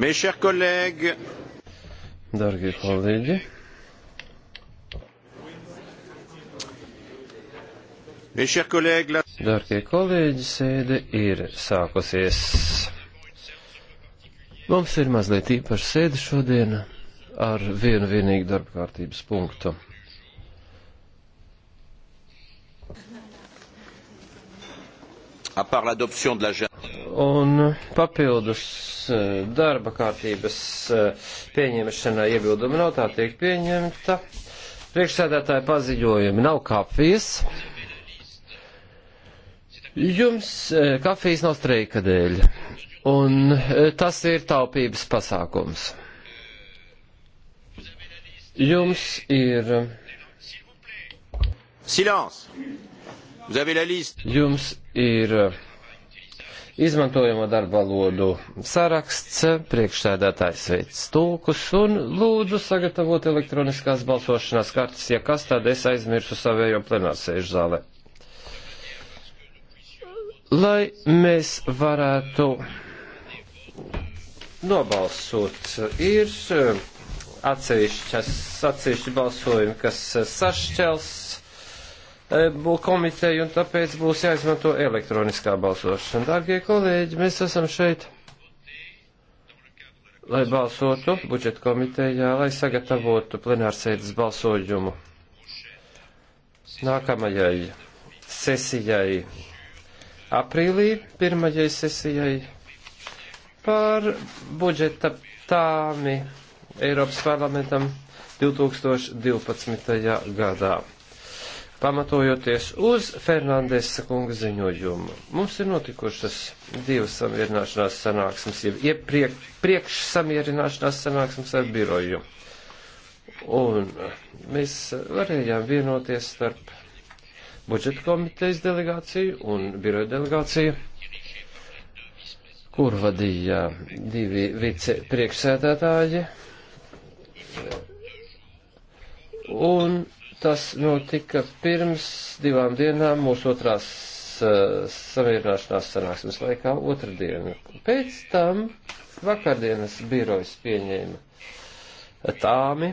Mes chers collègues, Dargie kolēģi, Mes chers collègues, la... Dargie kolēģi, sēde ir sākusies. Mums ir mazliet īpaša sēde šodien ar vienu vienīgu darba kārtības punktu. Un papildus Eh, darba kārtības eh, pieņemšanai iebildumi nav tā tiek pieņemta. Priekšsēdētāja paziņojumi nav kafijas. Jums eh, kafijas nav streika dēļ. Un tas ir taupības pasākums. Jums ir. Silence! Jums ir izmantojamo darba valodu saraksts, priekšsēdētājs veids tulkus un lūdzu sagatavot elektroniskās balsošanās kartes, ja kas tad es aizmirsu savējo plenārsēžu zālē. Lai mēs varētu nobalsot, ir atsevišķi balsojumi, kas sašķels E, komiteju, un tāpēc būs jāizmanto elektroniskā balsošana. Dārgie kolēģi, mēs esam šeit, lai balsotu budžeta komitejā, lai sagatavotu plenārsēdes balsojumu nākamajai sesijai aprīlī, pirmajai sesijai par budžeta tāmi Eiropas parlamentam 2012. gadā pamatojoties uz Fernandesa kunga ziņojumu. Mums ir notikušas divas samierināšanās sanāksmes, jau iepriek, priekš samierināšanās sanāksmes ar biroju. Un mēs varējām vienoties starp budžeta komitejas delegāciju un biroja delegāciju, kur vadīja divi vicepriekšsēdētāji. Un Tas notika pirms divām dienām mūsu otrās uh, samierināšanās sanāksmes laikā otrdienu. Pēc tam vakardienas birojas pieņēma tāmi.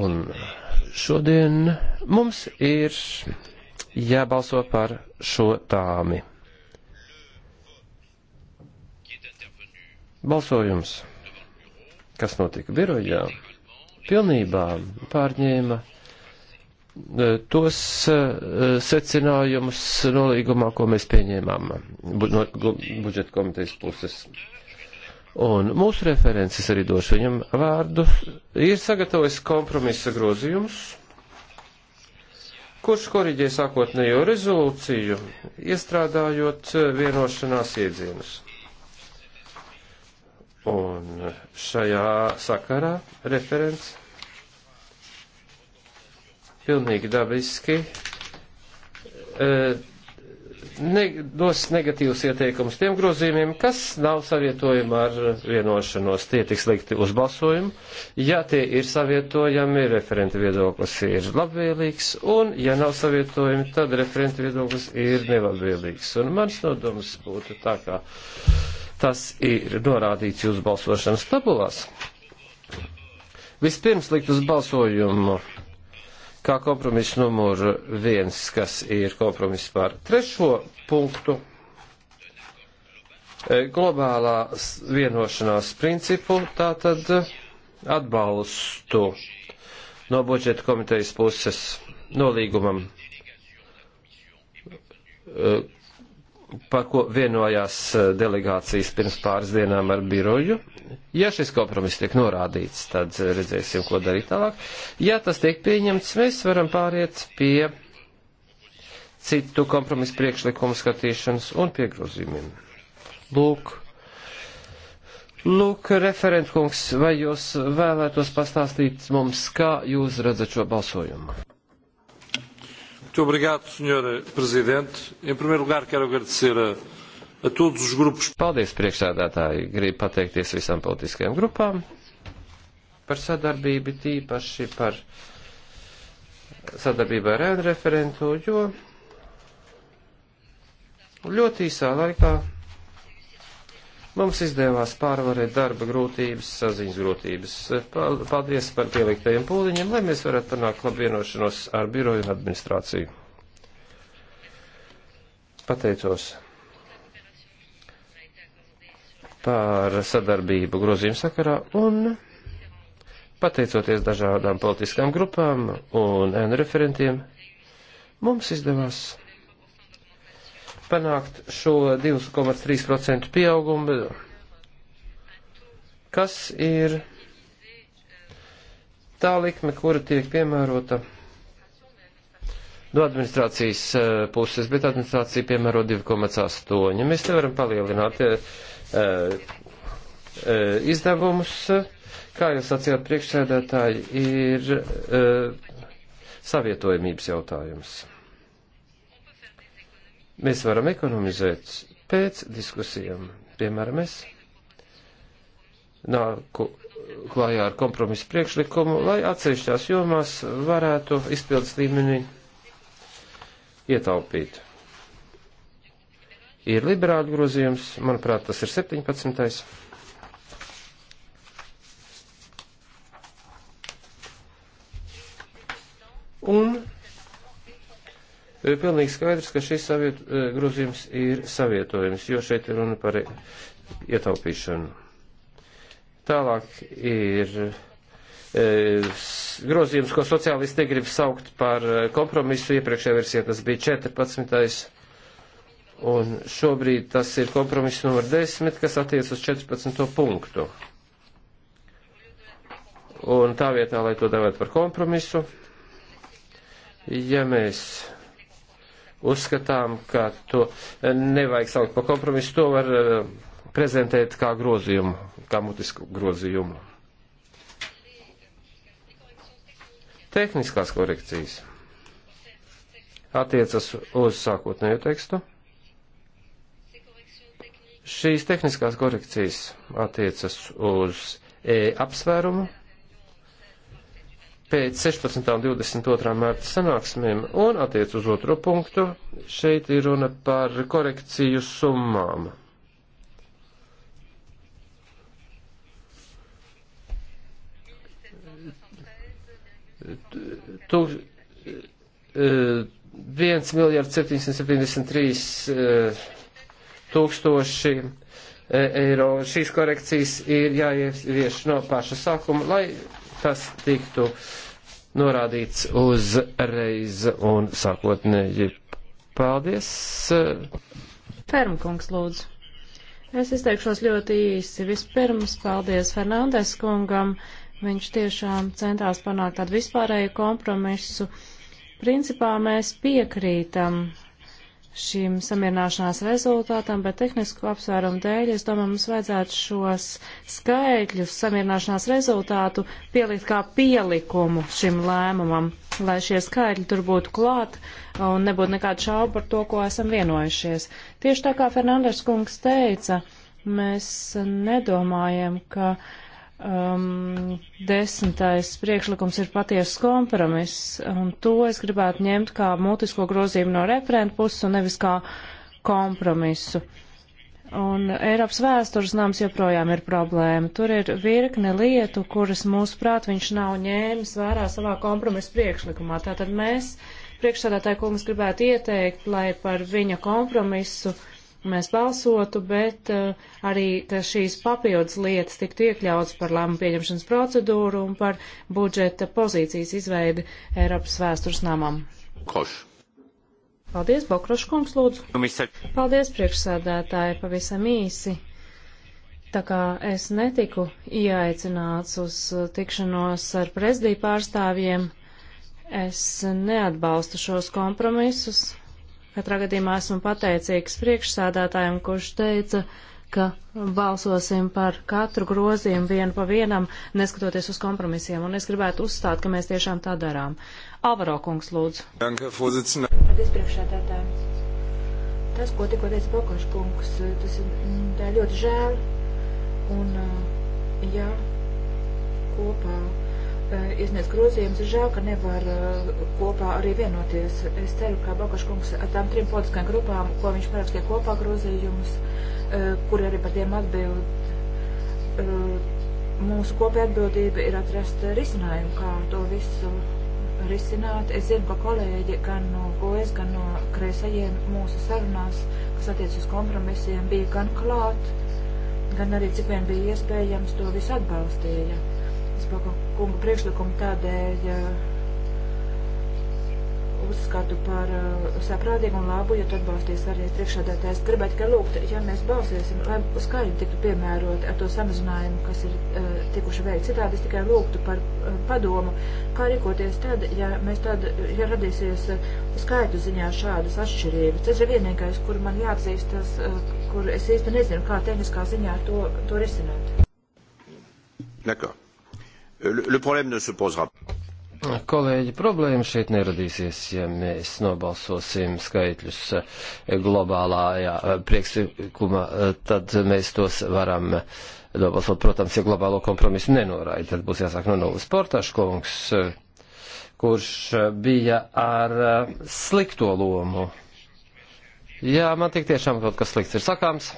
Un šodien mums ir jābalso par šo tāmi. Balsojums, kas notika birojā, pilnībā pārņēma e, tos e, secinājumus nolīgumā, ko mēs pieņēmām no budžeta komitejas puses. Un mūsu references arī došu viņam vārdu. Ir sagatavojis kompromisa grozījumus, kurš koriģē sākotnējo rezolūciju, iestrādājot e, vienošanās iedzienus. Un šajā sakarā referents pilnīgi dabiski e, ne, dos negatīvus ieteikumus tiem grozījumiem, kas nav savietojumi ar vienošanos. Tie tiks likti uz balsojumu. Ja tie ir savietojami, referenta viedoklis ir labvēlīgs, un ja nav savietojumi, tad referenta viedoklis ir nelabvēlīgs. Un mans nodoms būtu tā kā Tas ir norādīts jūsu balsošanas tabulās. Vispirms likt uz balsojumu kā kompromiss numur viens, kas ir kompromiss par trešo punktu e, globālā vienošanās principu, tātad atbalstu no budžeta komitejas puses nolīgumam, e, par ko vienojās eh, delegācijas pirms pāris dienām ar biroju. Ja šis kompromiss tiek norādīts, tad eh, redzēsim, ko darīt tālāk. Ja tas tiek pieņemts, mēs varam pāriet pie citu kompromisu priekšlikumu skatīšanas un piegrozījumiem. Lūk, Lūk, referentkungs, vai jūs vēlētos pastāstīt mums, kā jūs redzat šo balsojumu? Muito obrigado, Sr. Presidente. Em primeiro lugar, quero agradecer a, a todos os grupos. Paldies, priekšsēdētāji. Gribu pateikties visām politiskajām grupām par sadarbību, tīpaši par sadarbību ar ēnu referentu, jo ļoti īsā laikā Mums izdevās pārvarēt darba grūtības, saziņas grūtības. Paldies par pieliktajiem pūliņiem, lai mēs varētu panākt labu vienošanos ar biroju un administrāciju. Pateicos par sadarbību grozījuma sakarā un pateicoties dažādām politiskām grupām un referentiem, mums izdevās panākt šo 2,3% pieaugumu, kas ir tā likme, kura tiek piemērota no administrācijas eh, puses, bet administrācija piemēro 2,8. Mēs nevaram palielināt e, e, izdevumus. Kā jūs sacījāt, priekšsēdētāji, ir e, savietojamības jautājums. Mēs varam ekonomizēt pēc diskusijām. Piemēram, es nāku klājā ar kompromisu priekšlikumu, lai atsevišķās jomās varētu izpildes līmenī ietaupīt. Ir liberāļu grozījums, manuprāt, tas ir 17. Un pilnīgi skaidrs, ka šis saviet, e, grozījums ir savietojums, jo šeit ir runa par ietaupīšanu. Tālāk ir e, grozījums, ko sociālisti negrib saukt par e, kompromisu. Iepriekšējā versijā tas bija 14. Un šobrīd tas ir kompromiss numur 10, kas attiec uz 14. punktu. Un tā vietā, lai to devētu par kompromisu, ja mēs uzskatām, ka to eh, nevajag saukt par kompromisu, to var eh, prezentēt kā grozījumu, kā mutisku grozījumu. Tehniskās korekcijas attiecas uz sākotnējo tekstu. Šīs tehniskās korekcijas attiecas uz e apsvērumu pēc 16. un 22. mārta sanāksmēm un attiec uz otro punktu. Šeit ir runa par korekciju summām. Tu, 1 miljards 773 tūkstoši eh, eiro. Šīs korekcijas ir jāievieš no paša sākuma, lai tas tiktu norādīts uzreiz un sākotnēji. Paldies! Fermkungs, lūdzu. Es izteikšos ļoti īsi. Vispirms paldies Fernandes kungam. Viņš tiešām centās panākt tādu vispārēju kompromisu. Principā mēs piekrītam šim samierināšanās rezultātam, bet tehnisku apsvērumu dēļ, es domāju, mums vajadzētu šos skaitļus samierināšanās rezultātu pielikt kā pielikumu šim lēmumam, lai šie skaitļi tur būtu klāt un nebūtu nekādu šaubu par to, ko esam vienojušies. Tieši tā kā Fernandes kungs teica, mēs nedomājam, ka uh, um, desmitais priekšlikums ir patiesas kompromiss, un to es gribētu ņemt kā mutisko grozījumu no referenta puses un nevis kā kompromisu. Un Eiropas vēstures nams joprojām ir problēma. Tur ir virkne lietu, kuras mūsuprāt viņš nav ņēmis vērā savā kompromisa priekšlikumā. Tātad mēs priekšsādātāju kungs gribētu ieteikt, lai par viņa kompromisu uh, mēs balsotu, bet uh, arī, ka šīs papildus lietas tiktu iekļauts par lēmumu pieņemšanas procedūru un par budžeta pozīcijas izveidi Eiropas vēstures namam. Koš. Paldies, Bokrošs kungs, lūdzu. Nu, Paldies, priekšsādātāji, pavisam īsi. Tā kā es netiku ieaicināts uz tikšanos ar prezidiju pārstāvjiem, es neatbalstu šos kompromisus, Katrā gadījumā esmu pateicīgs priekšsādātājiem, kurš teica, ka balsosim par katru grozījumu vienu pa vienam, neskatoties uz kompromisiem. Un es gribētu uzstāt, ka mēs tiešām tā darām. Alvaro kungs, lūdzu. Paldies, priekšsādātāji. Tas, ko tikko teica Bokošs kungs, tas ir mm, ļoti žēl. Un, ja kopā iesniedz grozījumus. Ir žēl, ka nevar uh, kopā arī vienoties. Es ceru, ka Bakaškungs ar tām trim politiskajām grupām, ko viņš parakstīja kopā grozījumus, uh, kuri arī par tiem atbild, uh, mūsu kopēja atbildība ir atrast risinājumu, kā to visu risināt. Es zinu, ka kolēģi gan no gojas, gan no kreisajiem mūsu sarunās, kas attiec uz kompromisiem, bija gan klāt, gan arī cik vien bija iespējams to visu atbalstīja Švarcbaka kunga priekšlikumu tādēļ eh, uzskatu par eh, saprādīgu un labu, ja tu atbalstīs arī priekšādātājs. Gribētu tikai lūgt, ja mēs balsiesim, lai skaļi tiktu piemērot ar to samazinājumu, kas ir eh, tikuši veikti. Citādi es tikai lūgtu par padomu, kā rīkoties tad, ja mēs tad, ja radīsies skaitu ziņā šādas atšķirības. Tas ir vienīgais, kur man jāatzīstas, kur es īsti nezinu, kā tehniskā ziņā to, to risināt. D'accord. Le problème ne se posera. Kolēģi, problēma šeit neradīsies, ja mēs nobalsosim skaitļus globālā priekšlikumā, tad mēs tos varam nobalsot. Protams, ja globālo kompromisu nenoraida, tad būs jāsāk no nulles sportaškungs, kurš bija ar slikto lomu. Jā, man tik tiešām kaut kas slikts ir sakāms.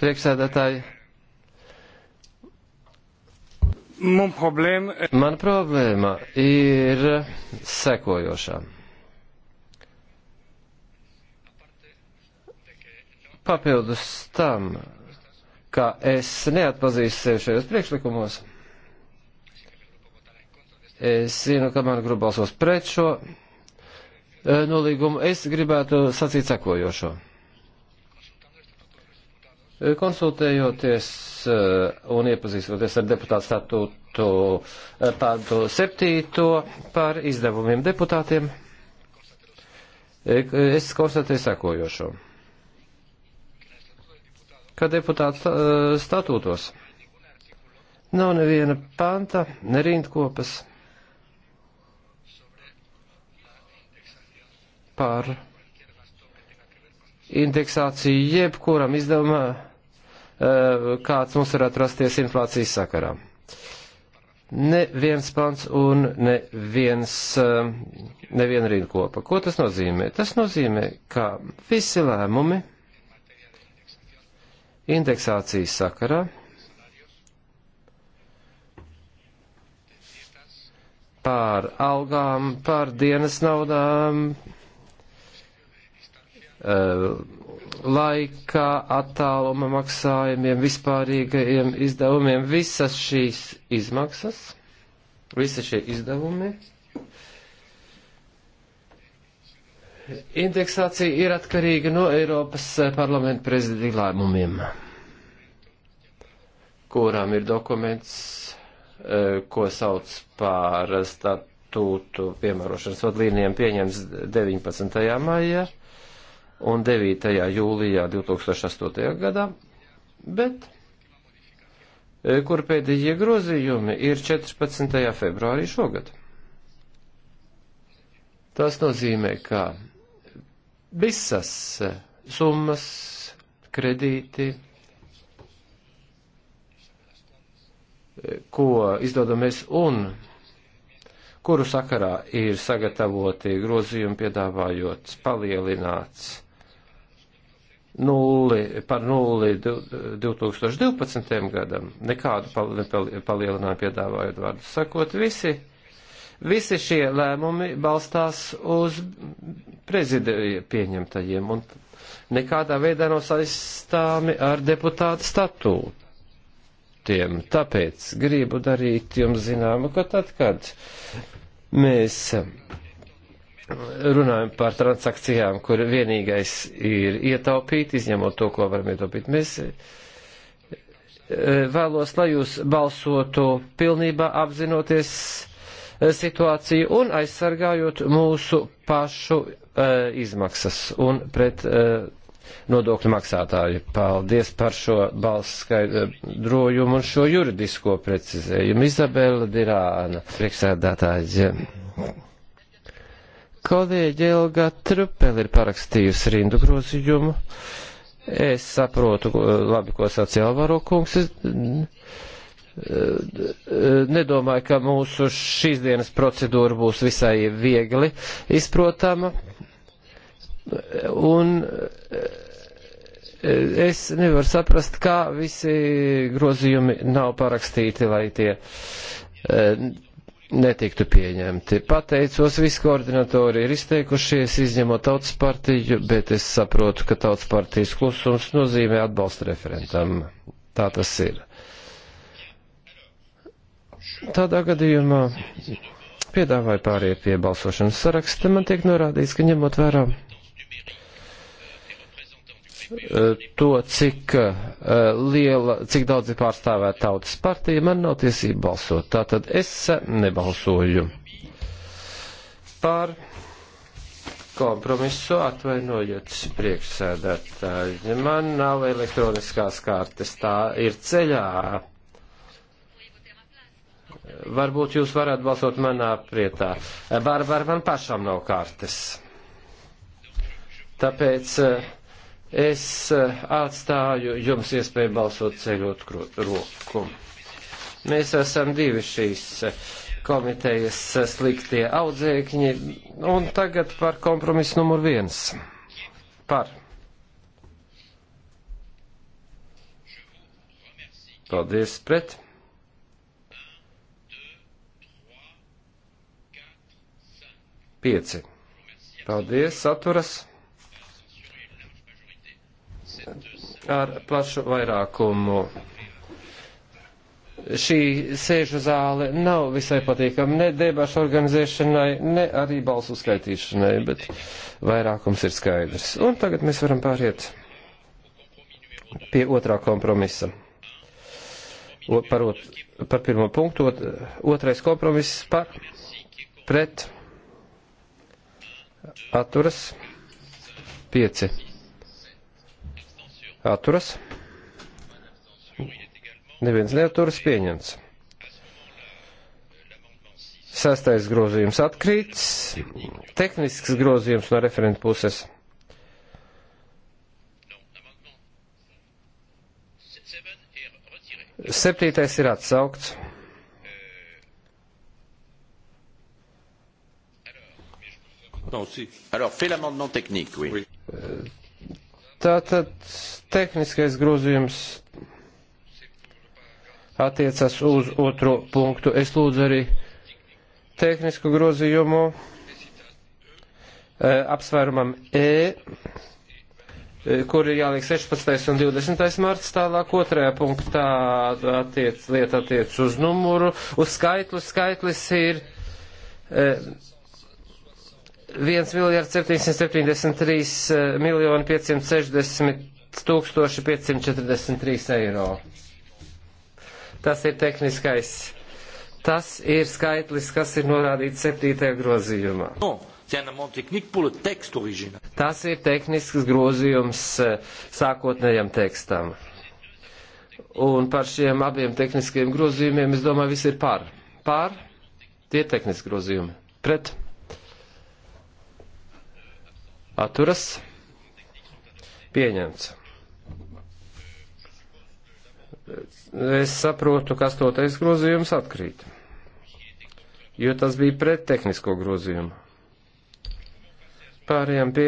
Priekšsēdētāji Man problēma... Man problēma ir sekojošā. Papildus tam, ka es neatpazīstu sevi šajos priekšlikumos, es zinu, ka man grib balsos pret šo e, nolīgumu. Es gribētu sacīt sekojošo. E, konsultējoties Eh, un iepazīstoties ar deputātu statūtu pāntu eh, septīto par izdevumiem deputātiem, eh, es konstatēju sekojošo. Ka deputātu statūtos nav neviena panta, ne rindkopas par indeksāciju jebkuram izdevumam Eh, kāds mums varētu rasties inflācijas sakarā. Ne viens pants un ne viens, eh, neviena rīnkopa. Ko tas nozīmē? Tas nozīmē, ka visi lēmumi indeksācijas sakarā pār algām, pār dienas naudām, uh, laikā, attāluma maksājumiem, vispārīgajiem izdevumiem, visas šīs izmaksas, visi šie izdevumi. Indeksācija ir atkarīga no Eiropas parlamenta prezidija lēmumiem, kurām ir dokuments, eh, ko sauc par starp tūtu piemērošanas vadlīnijām pieņems 19. maijā un 9. jūlijā 2008. gadā, bet e, kur pēdējie grozījumi ir 14. februārī šogad. Tas nozīmē, ka visas e, summas, kredīti, e, ko izdodamies un kuru sakarā ir sagatavoti grozījumi piedāvājot palielināts nulli, par nulli 2012. gadam, nekādu palielinājumu piedāvājot vārdu sakot, visi, visi šie lēmumi balstās uz prezidija pieņemtajiem un nekādā veidā nav saistāmi ar deputātu statūtiem. Tāpēc gribu darīt jums zināmu, ka tad, kad mēs runājam par transakcijām, kur vienīgais ir ietaupīt, izņemot to, ko varam ietaupīt. Mēs e, vēlos, lai jūs balsotu pilnībā apzinoties e, situāciju un aizsargājot mūsu pašu uh, izmaksas un pret uh, nodokļu maksātāju. Paldies par šo balss skaidrojumu un šo juridisko precizējumu. Izabela Dirāna, priekšsēdētāji. Kolēģi Elga Trupel ir parakstījusi rindu grozījumu. Es saprotu labi, ko sacīja Alvaro kungs. Es, nedomāju, ka mūsu šīs dienas procedūra būs visai viegli izprotama. Un es nevaru saprast, kā visi grozījumi nav parakstīti, lai tie netiktu pieņemti. Pateicos, visi koordinatori ir izteikušies, izņemot tautas partiju, bet es saprotu, ka tautas partijas klusums nozīmē atbalstu referentam. Tā tas ir. Tādā gadījumā piedāvāju pāriet pie balsošanas saraksta. Man tiek norādīts, ka ņemot vērā Eh, to, cik eh, liela, cik daudz ir pārstāvēta tautas partija, man nav tiesība balsot. Tātad es nebalsoju par kompromisu, atvainojot priekšsēdētāji. Man nav elektroniskās kārtas, tā ir ceļā. Varbūt jūs varat balsot manā prietā. Barbara, man pašam nav kārtas. Tāpēc uh, Es eh, atstāju jums iespēju balsot ceļot roku. Mēs esam divi šīs eh, komitejas eh, sliktie audzēkņi, un tagad par kompromisu numur viens. Par. Paldies pret. Pieci. Paldies, saturas. ar plašu vairākumu. Šī sēžu zāle nav visai patīkama ne debašu organizēšanai, ne arī balsu skaitīšanai, bet vairākums ir skaidrs. Un tagad mēs varam pāriet pie otrā kompromisa. O, par, ot, par pirmo punktu, ot, otrais kompromiss par, pret, atturas, pieci Atturas. Neviens neaturas pieņemts. Sastais grozījums atkrīts. Tehnisks grozījums no referenta puses. Septītais ir atsaukts. Tātad tehniskais grozījums attiecas uz otro punktu. Es lūdzu arī tehnisku grozījumu e, apsvērumam E, eh, kur ir jāliek 16. un 20. marts tālāk. Otrajā punktā attiec, lieta attiec uz numuru, uz skaitlu. Skaitlis ir. E, 1 miljards 773 miljoni 560 tūkstoši 543 eiro. Tas ir tehniskais. Tas ir skaitlis, kas ir norādīts 7. grozījumā. No. Tas ir tehnisks grozījums eh, sākotnējam tekstam. Un par šiem abiem tehniskiem grozījumiem, es domāju, viss ir par. Par tie tehniski grozījumi. Pret atturas pieņemts. Es saprotu, ka astotais grozījums atkrīt, jo tas bija pret tehnisko grozījumu. Pārējām pie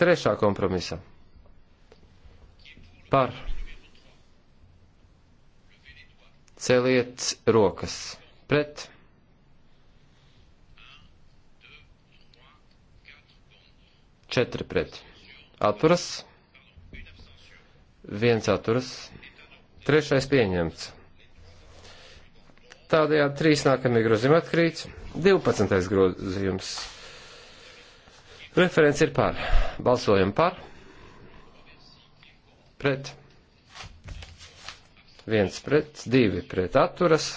trešā kompromisa. Par. Celiet rokas pret. 4 pret. Atturas. 1 atturas. Trešais pieņemts. Tādējādi trīs nākamie grozījumi atkrīt. 12. grozījums. Referents ir par. Balsojam par. Pret. Viens pret, divi pret atturas.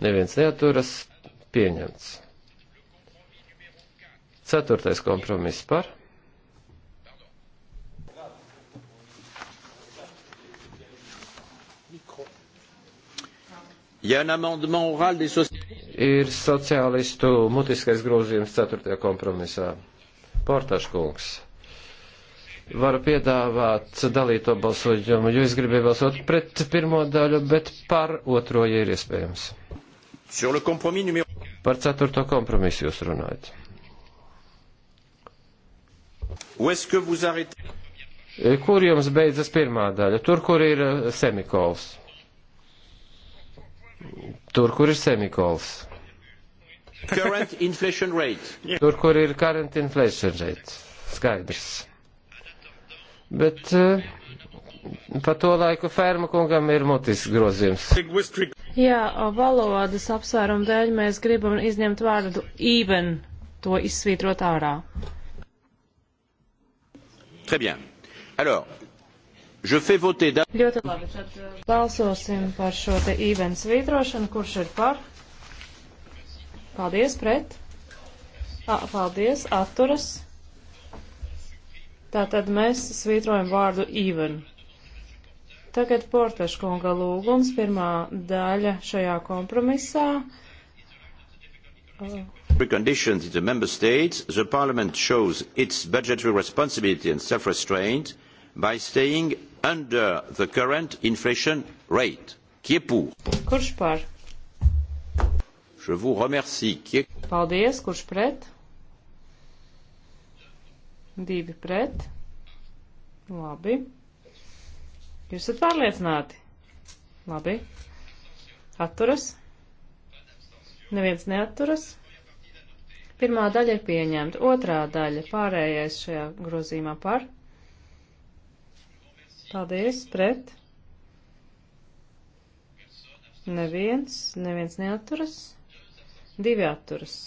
Neviens neaturas. Pieņemts. Ceturtais kompromiss par. Ir sociālistu mutiskais grozījums ceturtajā kompromisā. Portaškungs varu piedāvāt dalīto balsojumu, jo es gribēju balsot pret pirmo daļu, bet par otro, ja ir iespējams. Par ceturto kompromisu jūs runājat. Eh, kur jums beidzas pirmā daļa? Tur, kur ir eh, semikols. Tur, kur ir semikols. Current inflation rate. Tur, kur ir current inflation rate. Skaidrs. Bet uh, pa to laiku ferma kungam ir mutisks grozījums. Jā, valodas apsvērumu dēļ mēs gribam izņemt vārdu even, to izsvītrot ārā. Très bien. Alors, je fais voter d'un. Ļoti labi, tad uh, balsosim par šo te īvenu svītrošanu, kurš ir par. Paldies, pret. A, paldies, atturas. Tātad mēs svītrojam vārdu even. Tagad Portaškunga lūgums, pirmā daļa šajā kompromisā. Uh preconditions in the member states, the parliament shows its budgetary responsibility and self-restraint by staying under the current inflation rate. Qui est pour? Kurš par? Je vous remercie. Qui est... Paldies, kurš pret? Divi pret. Labi. Jūs esat pārliecināti? Labi. Atturas? Neviens neatturas. Pirmā daļa ir pieņemta, otrā daļa pārējais šajā grozīmā par. Paldies, pret. Neviens, neviens neaturas. Divi atturas.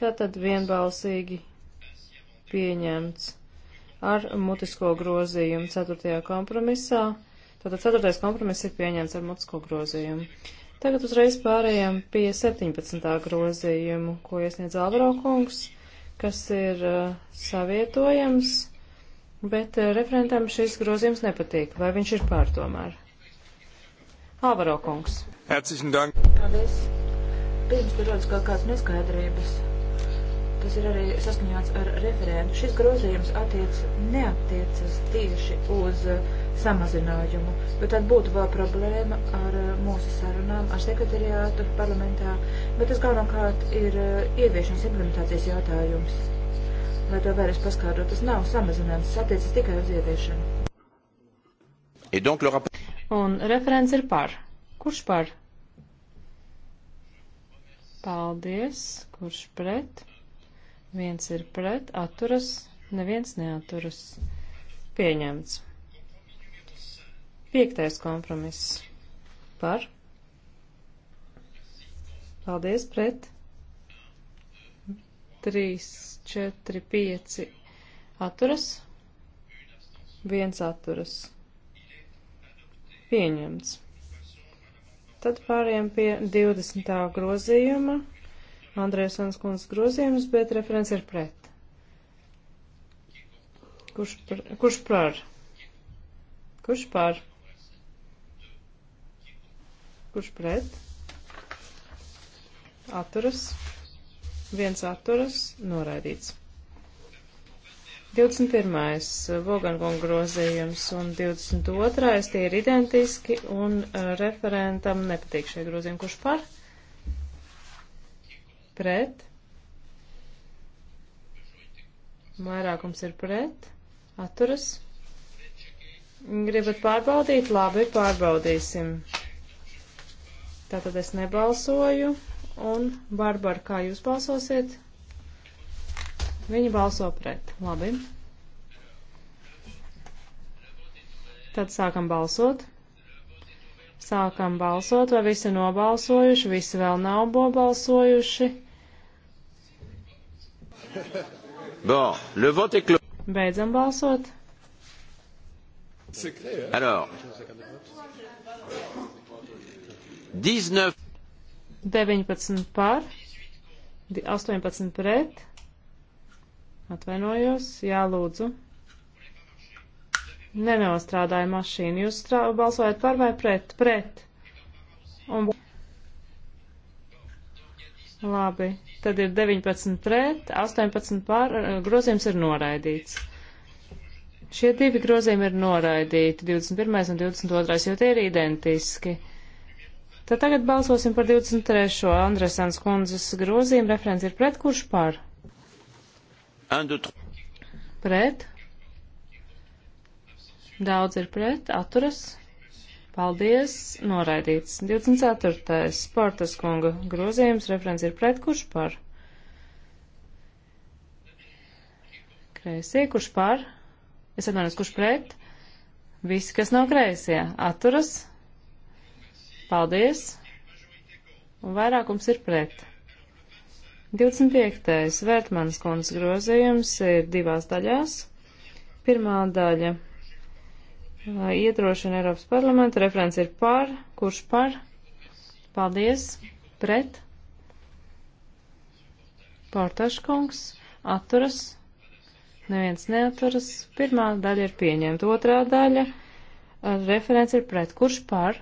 Tātad vienbalsīgi pieņemts ar mutisko grozījumu 4. kompromisā. Tātad 4. kompromiss ir pieņemts ar mutisko grozījumu. Tagad uzreiz pārējām pie 17. grozījumu, ko iesniedz Alvaro kungs, kas ir uh, savietojams, bet uh, referentam šis grozījums nepatīk. Vai viņš ir pār tomēr? Alvaro kungs. Herzlichen Dank. Paldies. Pirms tur rodas kaut kādas neskaidrības. Tas ir arī saskaņots ar referentu. Šis grozījums attiec, neattiecas tieši uz uh, samazinājumu, jo tad būtu vēl problēma ar eh, mūsu sarunām, ar sekretariātu parlamentā, bet tas galvenokārt ir eh, ieviešanas implementācijas jautājums. Lai to vēlreiz paskārtot, tas nav samazinājums, tas attiecas tikai uz ieviešanu. Donc, rap... Un referents ir par. Kurš par? Paldies. Kurš pret? Viens ir pret, atturas, neviens neaturas. Pieņemts. Piektais kompromiss par. Paldies pret. 3, 4, 5 atturas. Viens atturas. Pieņemts. Tad pārējām pie 20. grozījuma. Andrēsons kundzes grozījums, bet referents ir pret. Kurš par? Kurš par? Kurš par? kurš pret, atturas, viens atturas, noraidīts. 21. Vogangonga grozījums un 22. tie ir identiski un uh, referentam nepatīk šie grozījumi. Kurš par? Pret. Vairākums ir pret. Atturas. Gribat pārbaudīt? Labi, pārbaudīsim. Tātad es nebalsoju. Un, Barbara, kā jūs balsosiet? Viņa balso pret. Labi. Tad sākam balsot. Sākam balsot, vai visi nobalsojuši, visi vēl nav nobalsojuši. Bon, le vote est clos. Beidzam balsot. Alors, 19. 19 par, 18 pret. Atvainojos, jā, lūdzu. Nenostrādāja mašīna. Jūs strā... balsojat par vai pret? Pret. Un... Labi, tad ir 19 pret, 18 pār, grozījums ir noraidīts. Šie divi grozījumi ir noraidīti, 21. un 22. jo tie ir identiski. Tad tagad balsosim par 23. Andresens kundzes grozījumu. Referents ir pret, kurš par? Pret. Daudz ir pret, atturas. Paldies, noraidīts. 24. Sportas kunga grozījums. Referents ir pret, kurš par? Kreisie, kurš par? Es atvainojos, kurš pret? Visi, kas nav kreisie, atturas. Paldies. Un vairākums ir pret. 25. Vērtmanas kundas grozījums ir divās daļās. Pirmā daļa iedrošina Eiropas parlamentu, referents ir par, kurš par, paldies, pret, portaškungs, atturas, neviens neaturas, pirmā daļa ir pieņemta, otrā daļa, referents ir pret, kurš par,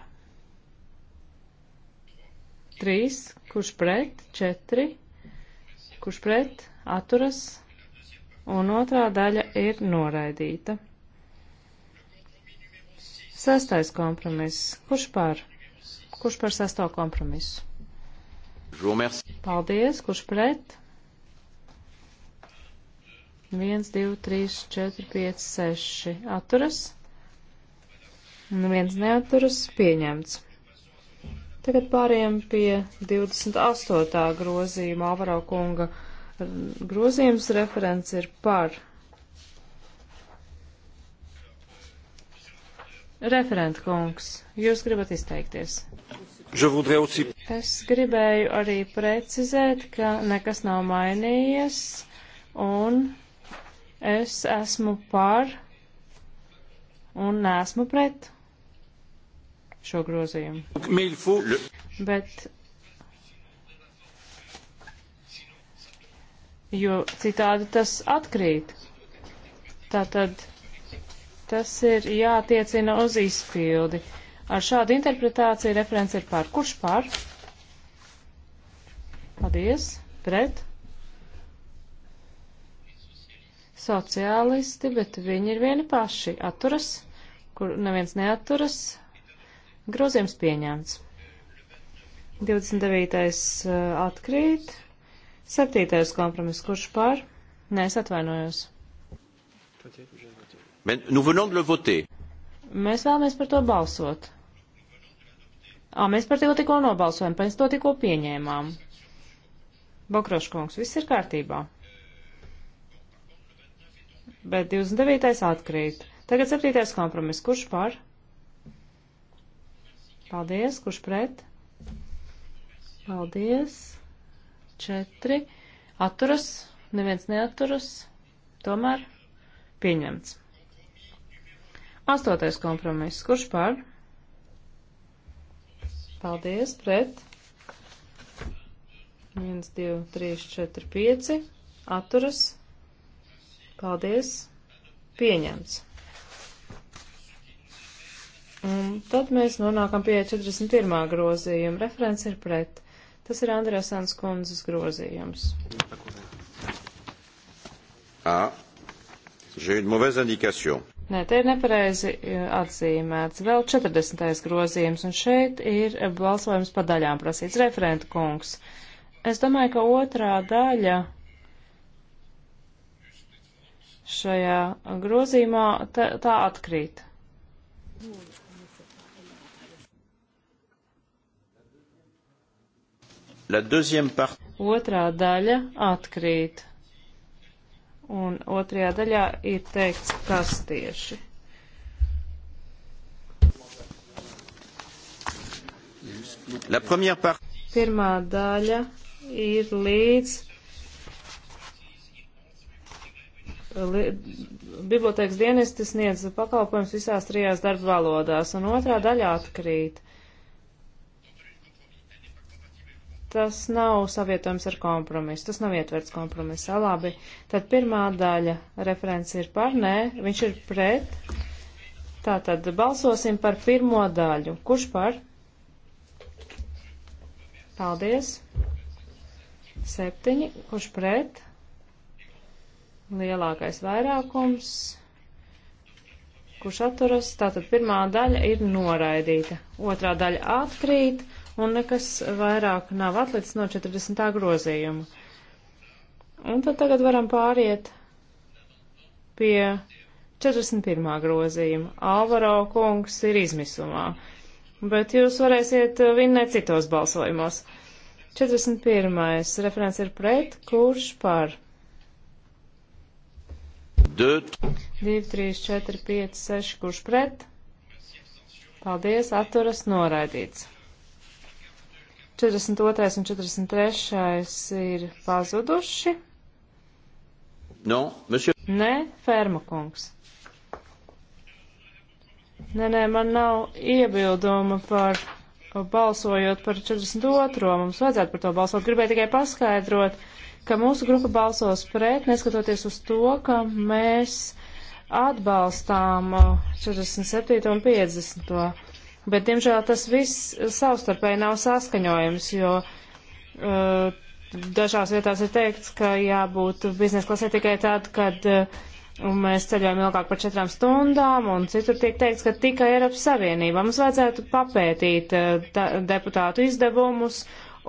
3, kurš pret, 4, kurš pret, atturas, un otrā daļa ir noraidīta. Sestais kompromiss. Kurš par? Kurš par sesto kompromisu? Paldies, kurš pret? 1, 2, 3, 4, 5, 6. Atturas? Neviens nu, neaturas. Pieņemts. Tagad pāriem pie 28. grozījuma Alvaro kunga. Grozījums referents ir par. Referent kungs, jūs gribat izteikties? Es gribēju arī precizēt, ka nekas nav mainījies un es esmu par un nesmu pret šo grozījumu. Mīļfu. Bet, jo citādi tas atkrīt. Tātad tas ir jātiecina uz izpildi. Ar šādu interpretāciju referents ir pār. Kurš pār? Paldies. Pret? Sociālisti, bet viņi ir vieni paši. Atturas, kur neviens neaturas. Grozījums pieņemts. 29. Uh, atkrīt. 7. kompromiss, kurš par? Nē, es atvainojos. Mēs vēlamies par to balsot. Ā, mēs par to tikko nobalsojam, pēc to tikko pieņēmām. Bokroškungs, viss ir kārtībā. Bet 29. atkrīt. Tagad 7. kompromiss, kurš par? Paldies. Kurš pret? Paldies. Četri. Atturas. Neviens neaturas. Tomēr pieņemts. Astotais kompromiss. Kurš par? Paldies, pret. 1, 2, 3, 4, 5. Atturas. Paldies. Pieņemts. Un tad mēs nonākam pie 41. grozījuma. Referents ir pret. Tas ir Andrēsāns kundzes grozījums. Ah, j'ai une mauvaise indication. Nē, te ir nepareizi e, atzīmēts. Vēl 40. grozījums, un šeit ir balsojums pa daļām prasīts referenta kungs. Es domāju, ka otrā daļa šajā grozījumā tā, tā atkrīt. Mm. part... Otrā daļa atkrīt. Un otrajā daļā ir teikts, kas tieši. Part... Pirmā daļa ir līdz bibliotēkas dienesti sniedz pakalpojums visās trijās darba valodās, un otrā daļa atkrīt. tas nav savietojams ar kompromisu, tas nav ietverts kompromisā, labi. Tad pirmā daļa referents ir par, nē, viņš ir pret. Tātad balsosim par pirmo daļu. Kurš par? Paldies. Septiņi. Kurš pret? Lielākais vairākums. Kurš atturas? Tātad pirmā daļa ir noraidīta. Otrā daļa atkrīt un nekas vairāk nav atlicis no 40. grozījuma. Un tad tagad varam pāriet pie 41. grozījuma. Alvaro kungs ir izmisumā, bet jūs varēsiet vinnēt citos balsojumos. 41. referents ir pret, kurš par? 2, 3, 4, 5, 6, kurš pret? Paldies, atturas noraidīts. 42. un 43. ir pazuduši. No, monsieur. Nē, Ferma kungs. Nē, nē, man nav iebilduma par balsojot par 42. Mums vajadzētu par to balsot. Gribēju tikai paskaidrot, ka mūsu grupa balsos pret, neskatoties uz to, ka mēs atbalstām 47. un 50 bet, diemžēl, tas viss savstarpēji nav saskaņojams, jo uh, dažās vietās ir teikts, ka jābūt biznesa klasē tikai tad, kad uh, mēs ceļojam ilgāk par četrām stundām, un citur tiek teikts, ka tikai Eiropas Savienībā mums vajadzētu papētīt uh, da, deputātu izdevumus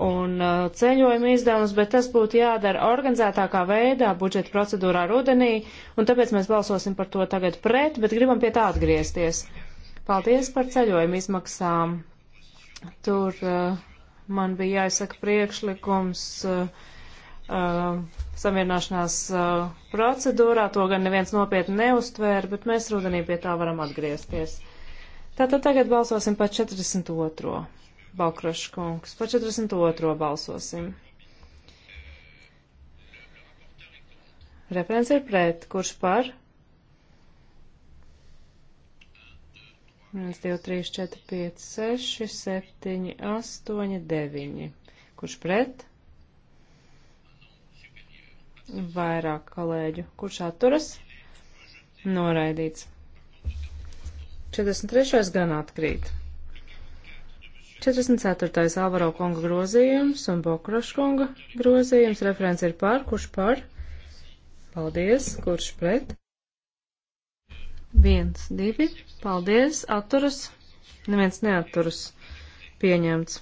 un uh, ceļojuma izdevumus, bet tas būtu jādara organizētākā veidā budžeta procedūrā rudenī, un tāpēc mēs balsosim par to tagad pret, bet gribam pie tā atgriezties. Paldies par ceļojumu izmaksām. Tur uh, man bija jāizsaka priekšlikums uh, uh, samierināšanās uh, procedūrā. To gan neviens nopietni neuztvēra, bet mēs rudenī pie tā varam atgriezties. Tātad tagad balsosim par 42. Balkrašu kungs. Par 42. balsosim. Referents ir pret. Kurš par? 1, 2, 3, 4, 5, 6, 7, 8, 9. Kurš pret? Vairāk kolēģu. Kurš atturas? Noraidīts. 43. gan atkrīt. 44. Alvaro kunga grozījums un Bokraškunga grozījums. Referents ir par, kurš par? Paldies, kurš pret? Viens, divi, paldies, atturas, neviens neatturas, pieņemts.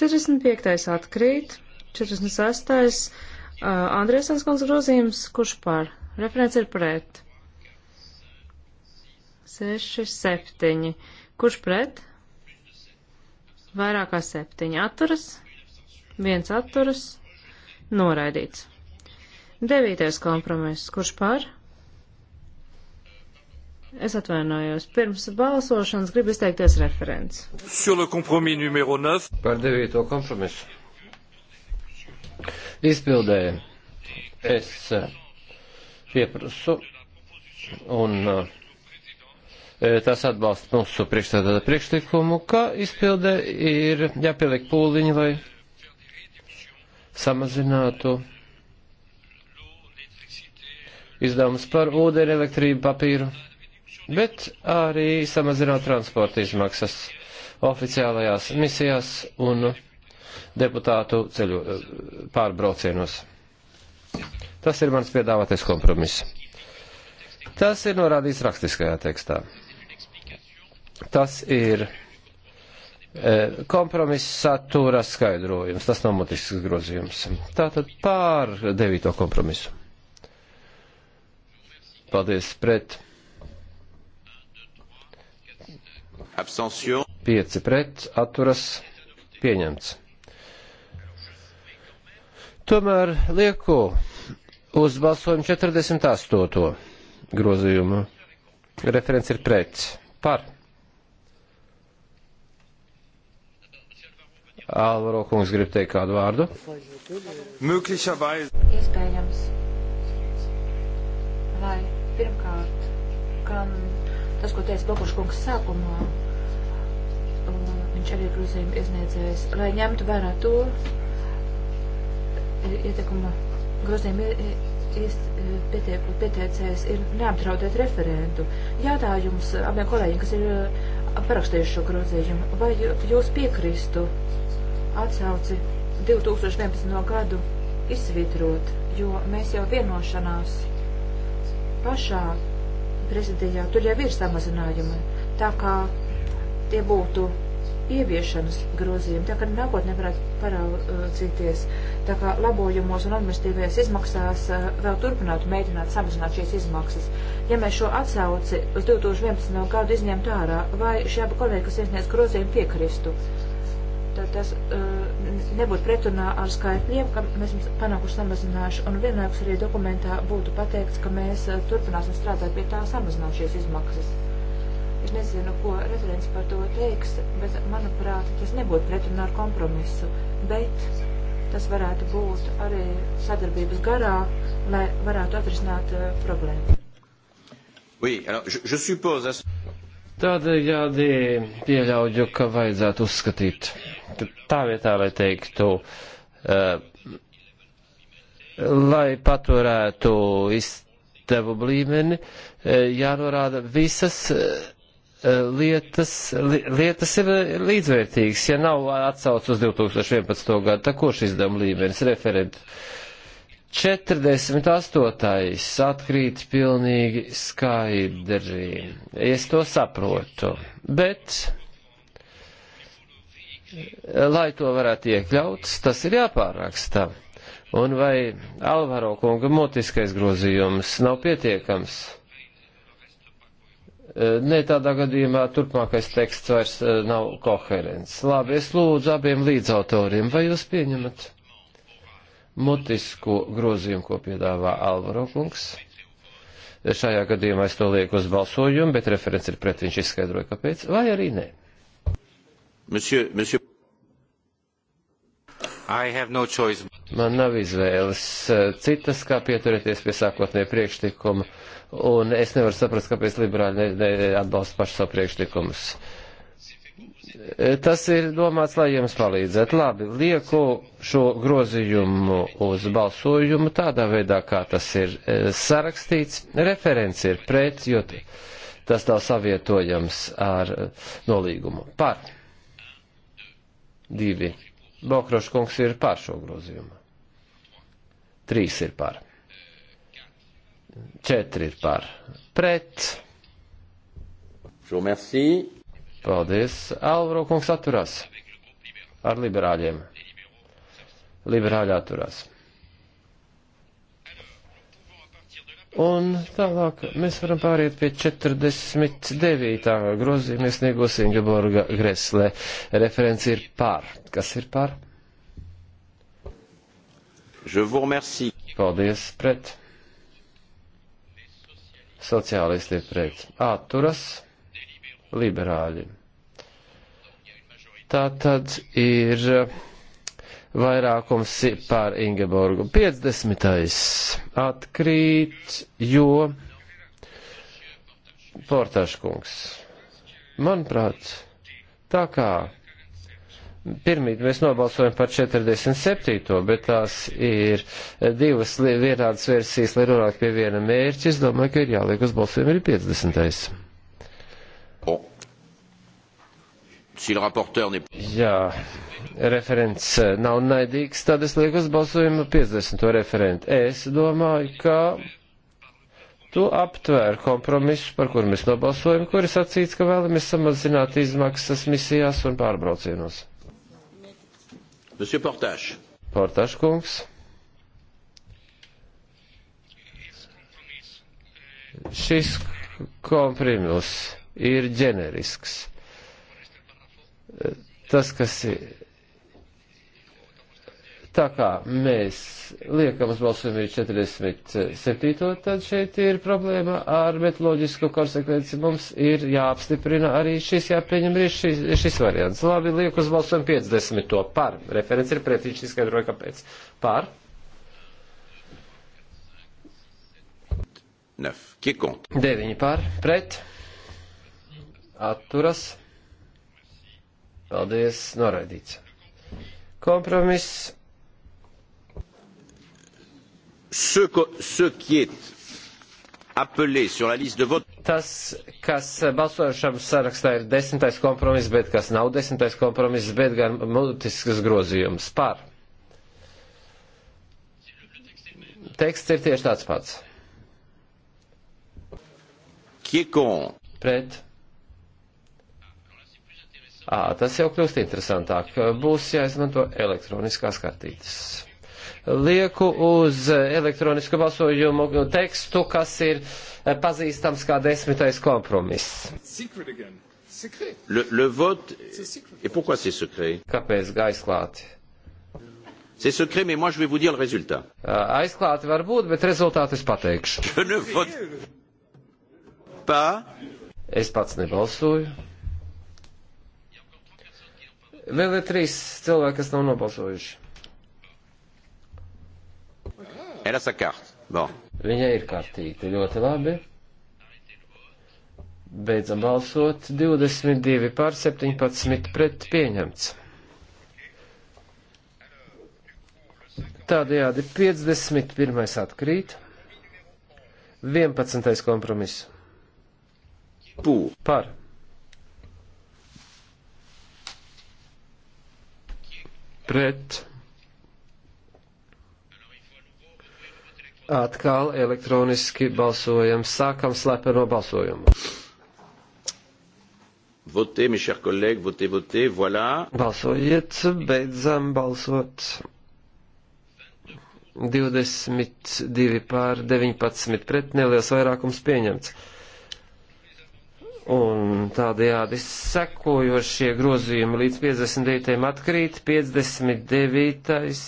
45. atkrīt, 46. Uh, Andriesens kungs grozījums, kurš par? Referents ir pret. 6, 7. Kurš pret? Vairāk kā 7. Atturas. Viens atturas. Noraidīts. Devītais kompromiss. Kurš par? Es atvainojos. Pirms balsošanas gribu izteikties referents. Par devīto kompromisu. Izpildē es eh, pieprasu un eh, tas atbalsta mūsu priekšstādātā priekšlikumu, ka izpildē ir jāpieliek pūliņi, lai samazinātu izdevumus par ūdeni, elektrību, papīru bet arī samazināt transporta izmaksas oficiālajās misijās un deputātu ceļu pārbraucienos. Tas ir mans piedāvātais kompromiss. Tas ir norādīts rakstiskajā tekstā. Tas ir e, kompromiss satura skaidrojums, tas nav mutisks grozījums. Tātad pār devīto kompromisu. Paldies pret. Abstention. 5 pret, atturas, pieņemts. Tomēr lieku uz balsojumu 48. grozījumu. Referents ir pret. Par. Alvaro kungs grib teikt kādu vārdu. Iespējams. Vai pirmkārt, ka tas, ko teica Bokuškungs sākumā, un uh, viņš arī ir grozījuma iesniedzējs, lai ņemtu vērā to e, ietekuma grozījuma e, pietieku pieteicējs ir neapdraudēt referentu. Jādājums abiem kolēģiem, kas ir e, parakstījuši šo grozījumu, vai jūs piekristu atsauci 2011. gadu izsvitrot, jo mēs jau vienošanās pašā prezidijā, tur jau ir samazinājumi. Tā kā tie būtu ieviešanas grozījumi, tā kā nākotnē varētu paraudzīties, tā kā labojumos un administratīvajās izmaksās eh, vēl turpinātu mēģināt samazināt šīs izmaksas. Ja mēs šo atsauci uz 2011. gadu izņemtu ārā, vai šie abi kolēģi, kas iesniedz grozījumu, piekristu, tad tas uh, nebūtu pretrunā ar skaitļiem, ka mēs esam panākuši samazināšu, un vienlaikus arī dokumentā būtu pateikts, ka mēs uh, turpināsim strādāt pie tā samazināt šīs izmaksas. Es nezinu, ko referents par to teiks, bet, manuprāt, tas nebūtu pretrunā ar kompromisu, bet tas varētu būt arī sadarbības garā, lai varētu atrisināt uh, problēmu. Oui, alors, je, je suppose... Tādējādi pieļauju, ka vajadzētu uzskatīt tā vietā, lai teiktu, uh, lai paturētu izdevumu līmeni, uh, jānorāda visas. Uh, lietas, lietas ir līdzvērtīgas. Ja nav atsauc uz 2011. gadu, tad ko šis izdevuma līmenis referenti? 48. atkrīt pilnīgi skaidri. Es to saprotu. Bet, lai to varētu iekļaut, tas ir jāpārraksta. Un vai Alvaro kunga motiskais grozījums nav pietiekams? Eh, nē, tādā gadījumā turpmākais teksts vairs eh, nav koherents. Labi, es lūdzu abiem līdzautoriem, vai jūs pieņemat mutisko grozījumu, ko piedāvā Alvaro kungs? Eh, šajā gadījumā es to lieku uz balsojumu, bet referents ir pret, viņš izskaidroja, kāpēc, vai arī nē. Monsieur, monsieur... No Man nav izvēles citas, kā pieturēties pie sākotnēja priekšlikuma, un es nevaru saprast, kāpēc liberāļi neatbalsta ne, ne pašu savu priekšlikumus. Tas ir domāts, lai jums palīdzētu. Labi, lieku šo grozījumu uz balsojumu tādā veidā, kā tas ir e, sarakstīts. Referents ir pret, jo tas nav savietojams ar e, nolīgumu. Par. Divi Bokrošs kungs ir par šo grozījumu. Trīs ir par. Četri ir par. Pret. Paldies. Alvaro kungs atturās. Ar liberāļiem. Liberāļi atturās. Un tālāk mēs varam pāriet pie 49. grozījuma iesniegos Ingeborga Greslē. Referenci ir pār. Kas ir pār? Je vous remercie. Paldies pret. Sociālisti ir pret. Atturas. Liberāļi. Tā tad ir vairākums par Ingeborgu. 50. atkrīt, jo Portaškungs. Manuprāt, tā kā pirmīt mēs nobalsojam par 47. bet tās ir divas vienādas versijas, lai nonāktu pie viena mērķa. Es domāju, ka ir jāliek uz balsojumu arī 50. Bon. Si le rapporteur n'est pas. Yeah referents eh, nav naidīgs, tad es lieku uz balsojumu 50. referentu. Es domāju, ka tu aptvēri kompromisu, par kur mēs nobalsojam, kur ir sacīts, ka vēlamies samazināt izmaksas misijās un pārbraucienos. Monsieur Portaš. Portaš kungs. Šis kompromis ir ģenerisks. Tas, kas ir Tā kā mēs liekam uz balsojumu 47, tad šeit ir problēma ar metoloģisko konsekvenci. Mums ir jāapstiprina arī šis, jāpieņem arī šis, šis variants. Labi, liek uz balsojumu 50 to par. Referents ir pret, viņš izskaidroja, kāpēc. Par. Deviņi par, pret, atturas, paldies, noraidīts. Kompromiss ce, ce qui est appelé sur la liste de vote. Tas, kas balsošanas sarakstā ir desmitais kompromiss, bet kas nav desmitais kompromiss, bet gan mutisks grozījums par. Teksts ir tieši tāds pats. Kiekon. Pret. Ā, tas jau kļūst interesantāk. Būs jāizmanto elektroniskās kartītes lieku uz elektronisku balsojumu tekstu, kas ir pazīstams kā desmitais kompromiss. Le, le vote, et pourquoi c'est secret Kāpēc gaisklāti? C'est secret, mais moi je vais vous dire le résultat. Aizklāti var būt, bet rezultātu es pateikšu. Je ne vote pas. Es pats nebalsoju. Vēl ir trīs cilvēki, kas nav nobalsojuši. Elle a sa carte. Bon. Viņai ir kartīte. Ļoti labi. Beidzam balsot. 22 pār 17 pret pieņemts. Tādējādi 51. atkrīt. 11. kompromiss. Pū. Par. Pret Atkal elektroniski balsojam. Sākam slepeno balsojumu. Votez, mes chers collègues, votez, votez, voilà. Balsojiet, beidzam balsot. 22 pār 19 pret neliels vairākums pieņemts. Un tādējādi sekojošie grozījumi līdz 59. atkrīt, 59.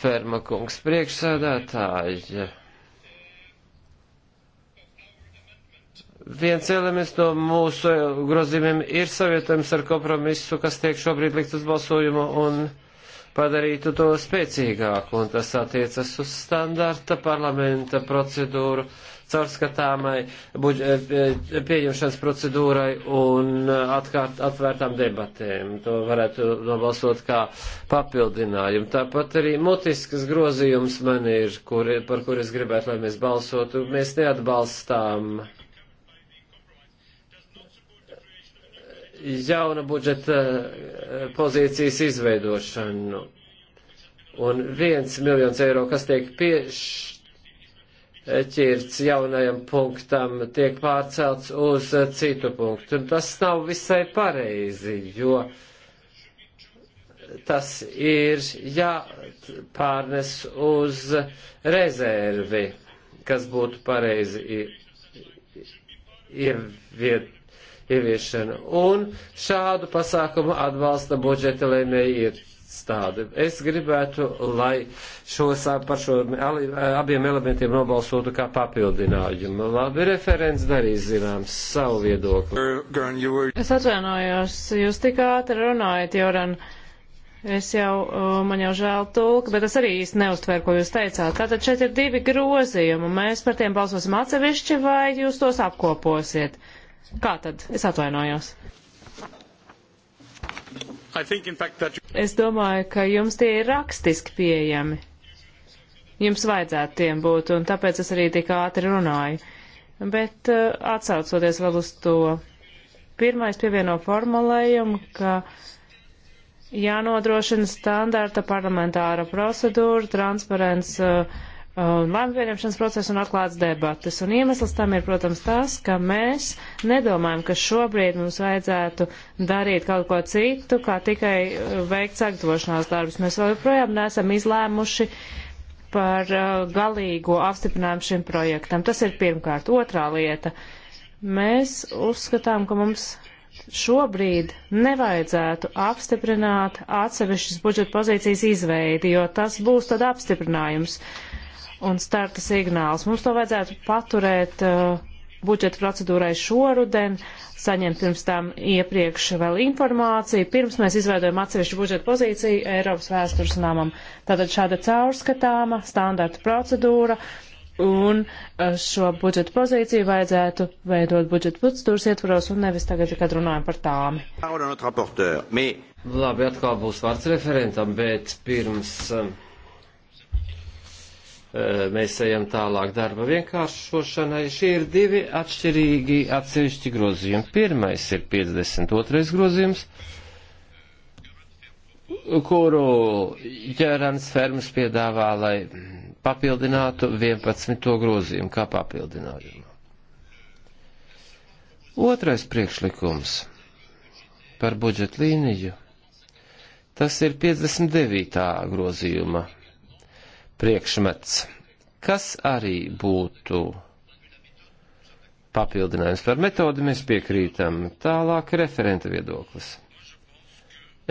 Ferma kungs priekšsēdētāji. Viens elements no mūsu grozījumiem ir savietojums ar kompromisu, kas tiek šobrīd likt uz balsojumu un padarītu to spēcīgāku, un tas attiecas uz standarta parlamenta procedūru caurskatāmai e, pieņemšanas procedūrai un e, atkārt, atvērtām debatēm. To varētu nobalsot kā papildinājumu. Tāpat arī mutiskas grozījums man ir, kur, par kur es gribētu, lai mēs balsotu. Mēs neatbalstām jauna budžeta e, pozīcijas izveidošanu. Un viens miljons eiro, kas tiek piešķirts, ķirts jaunajam punktam tiek pārcelts uz citu punktu. Un tas nav visai pareizi, jo tas ir jāpārnes uz rezervi, kas būtu pareizi ieviet ieviešana. Un šādu pasākumu atbalsta budžeta lēmēji ir iestādi. Es gribētu, lai šos, par šo abiem elementiem nobalsotu kā papildinājumu. Labi, referents darīs zināms savu viedokli. Es atvainojos, jūs tik ātri runājat, Joran. Es jau, man jau žēl tulka, bet es arī īsti neuztvēru, ko jūs teicāt. Tātad šeit ir divi grozījumi, un mēs par tiem balsosim atsevišķi, vai jūs tos apkoposiet? Kā tad? Es atvainojos. Es domāju, ka jums tie ir rakstiski pieejami. Jums vajadzētu tiem būt, un tāpēc es arī tik ātri runāju. Bet uh, atsaucoties vēl uz to, pirmais pievieno formulējumu, ka jānodrošina standarta parlamentāra procedūra, transparents uh, lēmumu uh, pieņemšanas procesu un atklāts debatas. Un iemesls tam ir, protams, tas, ka mēs nedomājam, ka šobrīd mums vajadzētu darīt kaut ko citu, kā tikai uh, veikt sagatavošanās darbus. Mēs vēl joprojām neesam izlēmuši par uh, galīgo apstiprinājumu šim projektam. Tas ir pirmkārt. Otrā lieta. Mēs uzskatām, ka mums šobrīd nevajadzētu apstiprināt atsevišķas budžeta pozīcijas izveidi, jo tas būs tad apstiprinājums. Uh, un starta signāls. Mums to vajadzētu paturēt uh, budžeta procedūrai šoruden, saņemt pirms tam iepriekš vēl informāciju, pirms mēs izveidojam atsevišķu budžeta pozīciju Eiropas vēstures namam. Tātad šāda caurskatāma standarta procedūra un uh, šo budžeta pozīciju vajadzētu veidot budžeta procedūras ietvaros un nevis tagad, kad runājam par tām. Labi, atkal būs vārds referentam, bet pirms. Um Eh, mēs ejam tālāk darba vienkāršošanai. Šie ir divi atšķirīgi atsevišķi grozījumi. Pirmais ir 52. grozījums, kuru ģērans fermas piedāvā, lai papildinātu 11. grozījumu kā papildinājumu. Otrais priekšlikums par budžetlīniju. Tas ir 59. grozījuma priekšmets, kas arī būtu papildinājums par metodi, mēs piekrītam. Tālāk referenta viedoklis.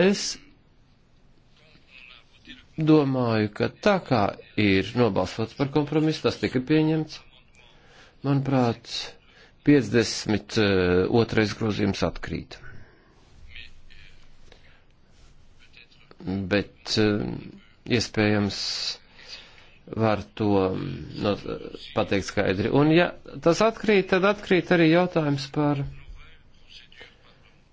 Es domāju, ka tā kā ir nobalsots par kompromisu, tas tika pieņemts. Manuprāt, 52. grozījums atkrīt. Bet eh, iespējams var to no, nu, pateikt skaidri. Un ja tas atkrīt, tad atkrīt arī jautājums par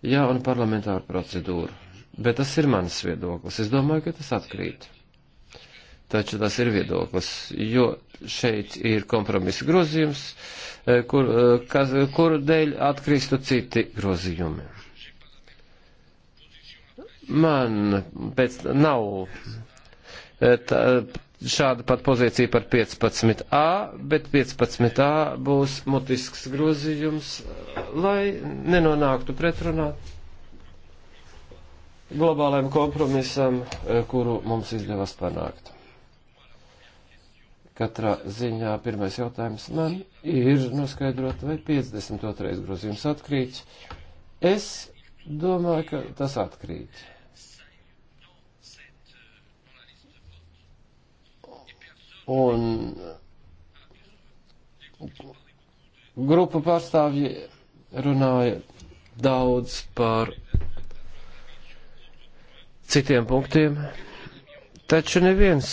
jaunu parlamentāru procedūru. Bet tas ir mans viedoklis. Es domāju, ka tas atkrīt. Taču tas ir viedoklis, jo šeit ir kompromisa grozījums, e, kur, e, kas, kuru dēļ atkrīstu citi grozījumi. Man pēc nav e, tā, šādu pat pozīciju par 15a, bet 15a būs mutisks grozījums, lai nenonāktu pretrunā globālajam kompromisam, eh, kuru mums izdevās panākt. Katrā ziņā pirmais jautājums man ir noskaidrot, vai 52. grozījums atkrīt. Es domāju, ka tas atkrīt. un grupu pārstāvji runāja daudz par citiem punktiem, taču neviens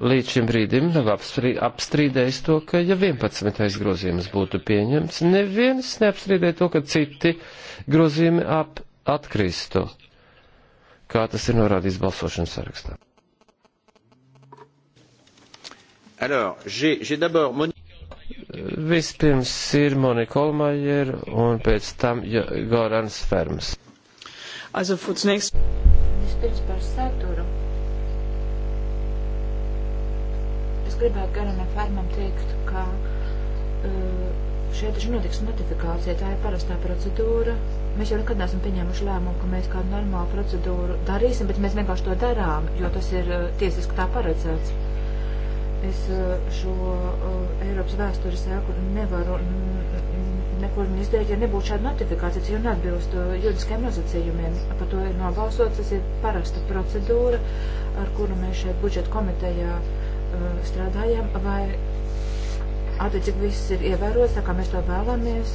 līdz šim brīdim nav apstrīdējis to, ka ja 11. grozījums būtu pieņemts, neviens neapstrīdēja to, ka citi grozījumi ap atkristu, kā tas ir norādīts balsošanas sarakstā. Alors, j'ai d'abord Monique. Vispirms ir Monika Olmajer un pēc tam Gorans Ferms. Also, zunächst. Vispirms par saturu. Es gribētu Goranam Fermam teikt, ka e, šeit taču notiks notifikācija, tā ir parastā procedūra. Mēs jau nekad neesam pieņēmuši lēmumu, ka mēs kādu normālu procedūru darīsim, bet mēs vienkārši to darām, jo tas ir e, tiesiski tā paredzēts Es eh, šo eh, Eiropas vēstures sēku nevaru nekur izdarīt, ja nebūtu šāda notifikācija, jo neatbilst eh, juridiskiem nosacījumiem. Par to ir nobalsots, tas ir parasta procedūra, ar kuru mēs šeit budžeta komitejā strādājam, vai attiecīgi viss ir ievērots, tā kā mēs to vēlamies,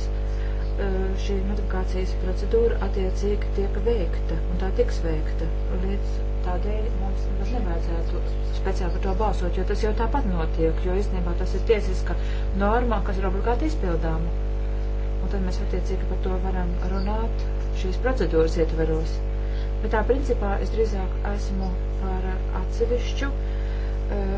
šī notifikācijas procedūra attiecīgi tiek veikta, un tā tiks veikta līdz Tādēļ mums nemaz nevajadzētu speciāli par to balsot, jo tas jau tāpat notiek, jo īstenībā tas ir tiesiska norma, kas ir obligāti izpildāma. Un tad mēs attiecīgi par to varam runāt šīs procedūras ietveros. Bet tā principā es drīzāk esmu par atsevišķu uh,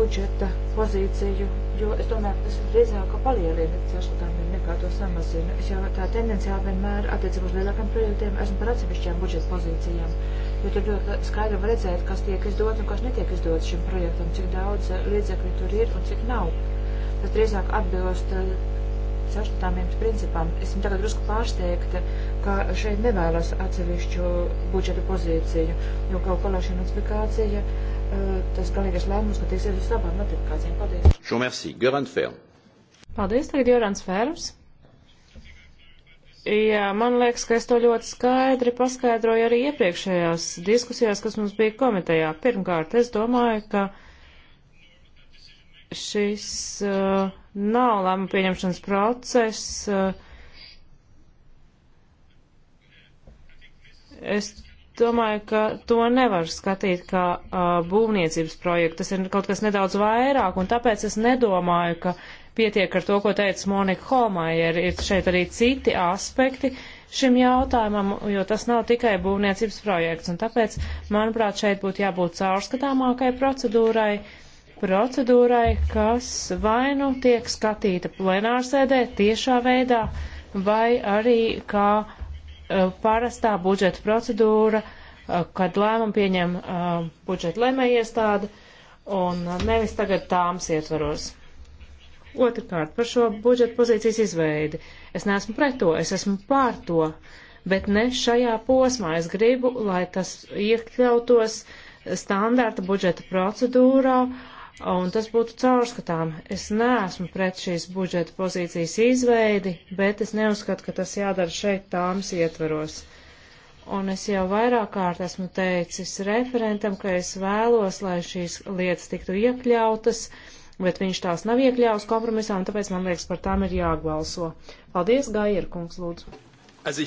budžeta pozīciju, jo es domāju, ka tas ir drīzāk palielina caurskatāmību nekā to samazina. Es jau tā tendenciāli vienmēr attiecībā uz lielākiem projektiem esmu par atsevišķām budžeta pozīcijām jo tur ļoti skaidri var redzēt, kas tiek izdots un kas netiek izdots šim projektam, cik daudz uh, līdzekļu tur ir un cik nav. Tas drīzāk atbilst uh, sašķitāmības principam. Esmu tagad drusku pārsteigta, uh, ka šeit nevēlas atsevišķu budžeta pozīciju, jo kaut kādā šī notifikācija, tas galīgais lēmums, ka tiksies uz abām notifikācijām. Paldies. Šo merci. Göran Ferm. Paldies, tagad Göran Ferms. Jā, man liekas, ka es to ļoti skaidri paskaidroju arī iepriekšējās diskusijās, kas mums bija komitejā. Pirmkārt, es domāju, ka šis uh, nav lēma pieņemšanas process. Uh, es domāju, ka to nevar skatīt kā uh, būvniecības projektu. Tas ir kaut kas nedaudz vairāk, un tāpēc es nedomāju, ka pietiek ar to, ko teica Monika Holmajer. Ir šeit arī citi aspekti šim jautājumam, jo tas nav tikai būvniecības projekts. Un tāpēc, manuprāt, šeit būtu jābūt caurskatāmākai procedūrai, procedūrai, kas vai nu tiek skatīta plenārsēdē tiešā veidā, vai arī kā Eh, parastā budžeta procedūra, eh, kad lēmumu pieņem eh, budžeta lemēja iestāde un nevis tagad tāms ietvaros. Otrakārt, par šo budžeta pozīcijas izveidi. Es neesmu pret to, es esmu pār to, bet ne šajā posmā. Es gribu, lai tas iekļautos standarta budžeta procedūrā un tas būtu caurskatām. Es neesmu pret šīs budžeta pozīcijas izveidi, bet es neuzskatu, ka tas jādara šeit tāms ietvaros. Un es jau vairāk kārt esmu teicis referentam, ka es vēlos, lai šīs lietas tiktu iekļautas, bet viņš tās nav iekļāvis kompromisā, un tāpēc man liekas, par tām ir jābalso. Paldies, Gaier kungs, lūdzu. Es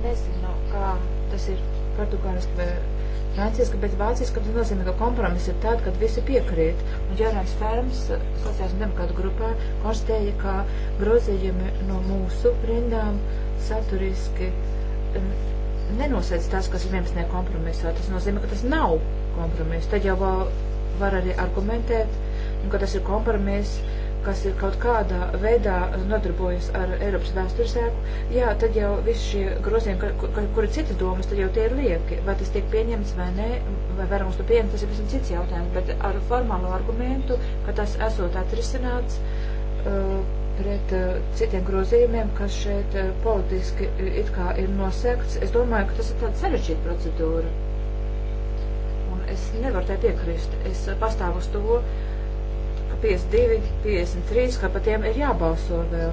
nezinu, kā tas ir portugāliski, bet Franciska, bet vāciska tas nozīmē, ka kompromiss ir tāds, kad visi piekrīt. Un Jārāns Ferms, sociāls un demokrāta grupā, konstatēja, ka grozījumi no mūsu rindām saturiski um, nenosēc tas, kas ir 11. kompromisā. Tas nozīmē, ka tas nav kompromiss. Tad jau var arī argumentēt, nu, ka tas ir kompromiss kas ir kaut kādā veidā nodarbojas ar Eiropas vēstures ēku, jā, tad jau visi šie grozījumi, kur ir citas domas, tad jau tie ir lieki. Vai tas tiek pieņemts vai nē, vai varam uz to pieņemt, tas ir visam cits jautājums. Bet ar formālu argumentu, ka tas esot atrisināts uh, pret uh, citiem grozījumiem, kas šeit uh, politiski uh, it kā ir nosekts, es domāju, ka tas ir tāda sarežģīta procedūra. Un es nevaru tai piekrist. Es uh, pastāvu uz to, uh, 52, 53, ka par tiem ir jābalso vēl,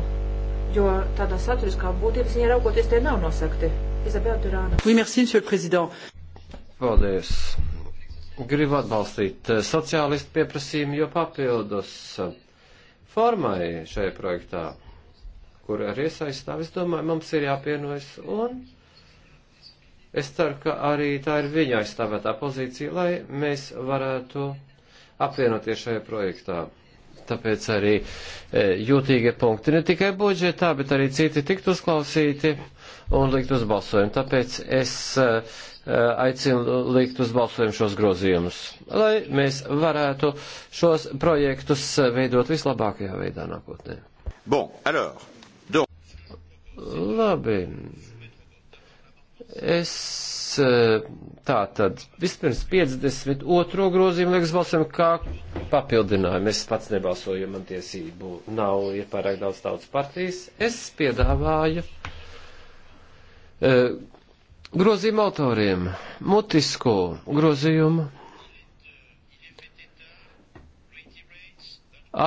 jo tādā saturiskā būtības viņi raugoties tie nav nosakti. Izabela Durāna. Oui, merci, monsieur le président. Paldies. Gribu atbalstīt eh, sociālistu pieprasījumu, jo papildus eh, formai šajā projektā, kur arī iesaistām, es domāju, mums ir jāpienojas un es ceru, ka arī tā ir viņa aizstāvētā pozīcija, lai mēs varētu apvienoties šajā projektā. Tāpēc arī e, jūtīgie punkti ne tikai budžetā, bet arī citi tikt uzklausīti un likt uz balsojumu. Tāpēc es e, e, aicinu likt uz balsojumu šos grozījumus, lai mēs varētu šos projektus veidot vislabākajā veidā nākotnē. Bon, alors, donc... Labi. Es eh, tā tad vispirms 52. grozījumu liekas balsam kā papildinājumu. Es pats nebalsoju, jo man tiesību nav, ir pārāk daudz tautas partijas. Es piedāvāju uh, grozījumu autoriem mutisku grozījumu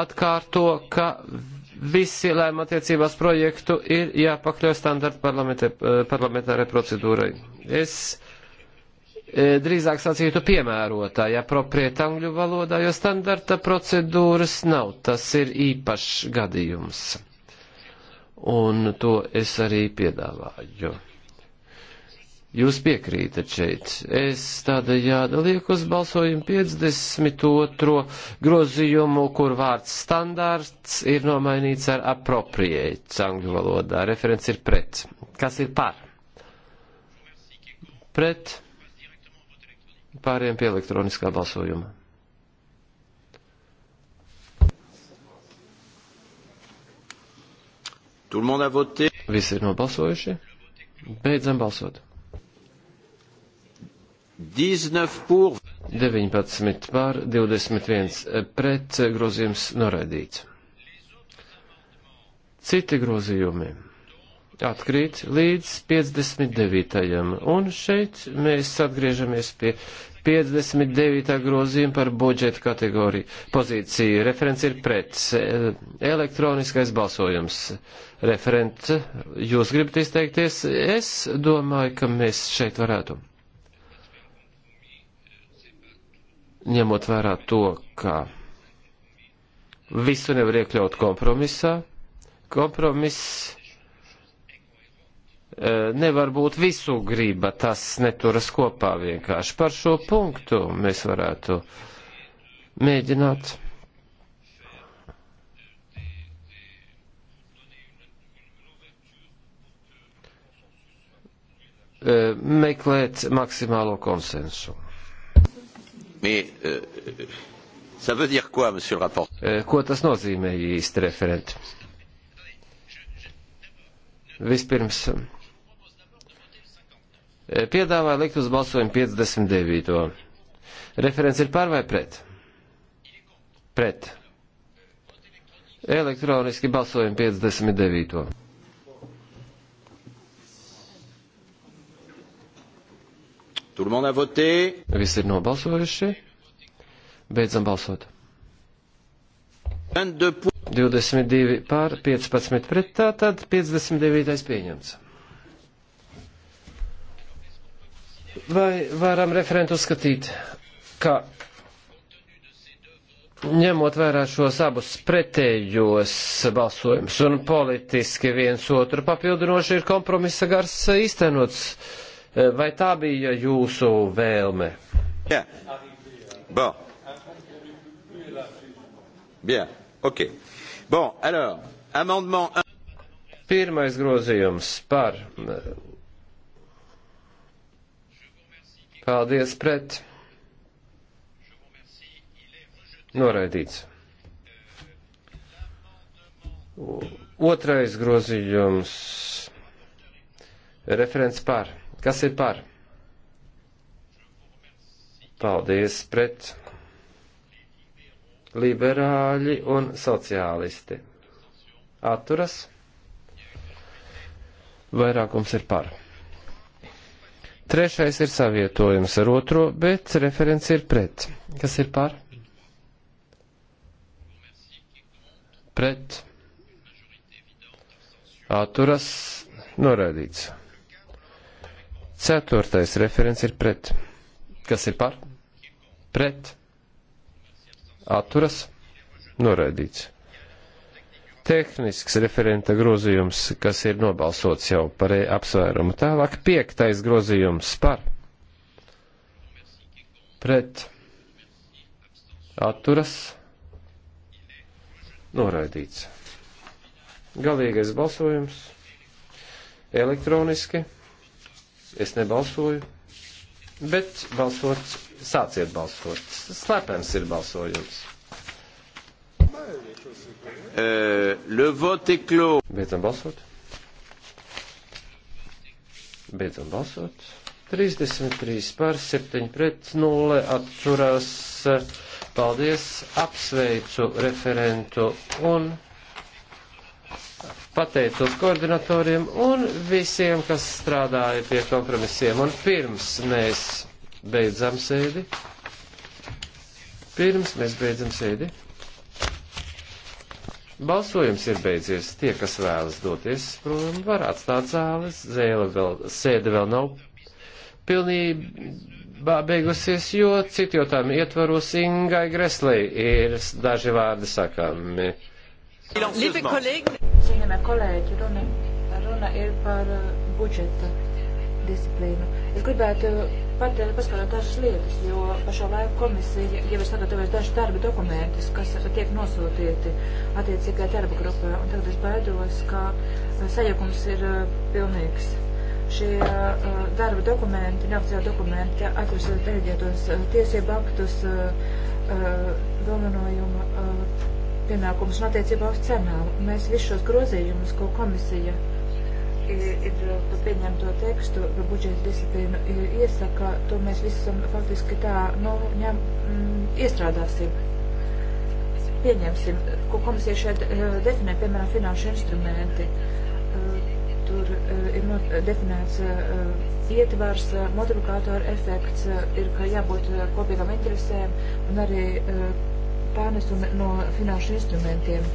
atkārto, ka visi lēma attiecībās projektu ir jāpakļauj standarta eh, parlamentārai procedūrai. Es eh, drīzāk sacītu piemērotāji, apropriet angļu valodā, jo standarta procedūras nav. Tas ir īpašs gadījums. Un to es arī piedāvāju. Jūs piekrītat šeit. Es tādējādi lieku uz balsojumu 52. grozījumu, kur vārds standārts ir nomainīts ar appropriate angļu valodā. Referents ir pret. Kas ir par? Pret. Pāriem pie elektroniskā balsojuma. Visi ir nobalsojuši. Beidzam balsot. 19 pour. 19 pār, 21 pret grozījums noraidīts. Citi grozījumi atkrīt līdz 59. Un šeit mēs atgriežamies pie 59. grozījuma par budžeta kategoriju. Pozīcija referents ir pret. Elektroniskais balsojums. Referent, jūs gribat izteikties? Es domāju, ka mēs šeit varētu ņemot vērā to, ka visu nevar iekļaut kompromisā, kompromiss eh, nevar būt visu griba, tas neturas kopā vienkārši. Par šo punktu mēs varētu mēģināt. Eh, meklēt maksimālo konsensu. Mais, euh, ça veut dire quoi, monsieur le rapporteur? Euh, ko tas nozīmē īsti referenti? Vispirms eh, piedāvāja likt uz balsojumu 59. Referents ir pār vai pret? Pret. Elektroniski balsojumu 59. Visi ir nobalsojuši. Beidzam balsot. 22 pār 15 pret, tātad 59. pieņemts. Vai varam referentu uzskatīt, ka ņemot vērā šos abus pretējos balsojumus un politiski viens otru papildinoši ir kompromisa gars īstenots? Vai tā bija jūsu vēlme? Jā. Bon. Bien. Ok. Bon, alors, amendement 1. Pirmais grozījums par. Paldies pret. Noraidīts. Otrais grozījums. Referents par. Kas ir par? Paldies pret liberāļi un sociālisti. Atturas. Vairākums ir par. Trešais ir savietojums ar otro, bet referents ir pret. Kas ir par? Pret. Atturas. Noraidīts. Ceturtais referents ir pret. Kas ir par? Pret. Atturas. Noraidīts. Tehnisks referenta grozījums, kas ir nobalsots jau par apsvērumu. Tālāk piektais grozījums par. Pret. Atturas. Noraidīts. Galīgais balsojums elektroniski. Es nebalsoju, bet balsot, sāciet balsot. Slepens ir balsojums. Uh, le vote est clos. Beidzam balsot. Beidzam balsot. 33 par 7 pret 0 atturās. Paldies, apsveicu referentu un pateicos koordinatoriem un visiem, kas strādāja pie kompromisiem. Un pirms mēs beidzam sēdi, pirms mēs beidzam sēdi, balsojums ir beidzies. Tie, kas vēlas doties prom, var atstāt zāles, zēle vēl, sēde vēl nav pilnībā beigusies, jo citu jautājumu ietvaros Ingai Greslei ir daži vārdi sakāmi. Liebe kolēģi, cienījamie kolēģi, runa, runa ir par uh, budžeta disciplīnu. Es gribētu uh, pateikt, uh, paskatāt dažas lietas, jo par šo laiku komisija jau ir sagatavojusi dažus darba dokumentus, kas tiek nosūtīti attiecīgajā darba grupā. Un tagad es baidos, ka sajukums ir pilnīgs. Šie darba dokumenti, neoficiāli dokumenti, atveras deleģētos tiesību aktus, dominojumu pienākumus un attiecībā uz cenām. Mēs visus šos grozījumus, ko komisija ir uh, par pieņemto tekstu, par budžeta disciplīnu iesaka, to mēs visam faktiski tā nu, ņem, m, mm, iestrādāsim. Pieņemsim, ko komisija šeit uh, definē, piemēram, finanšu instrumenti. Uh, tur ir no, definēts ietvars, modifikātora efekts, ir, ka jābūt kopīgām interesēm un arī pārnesumi no finanšu instrumentiem.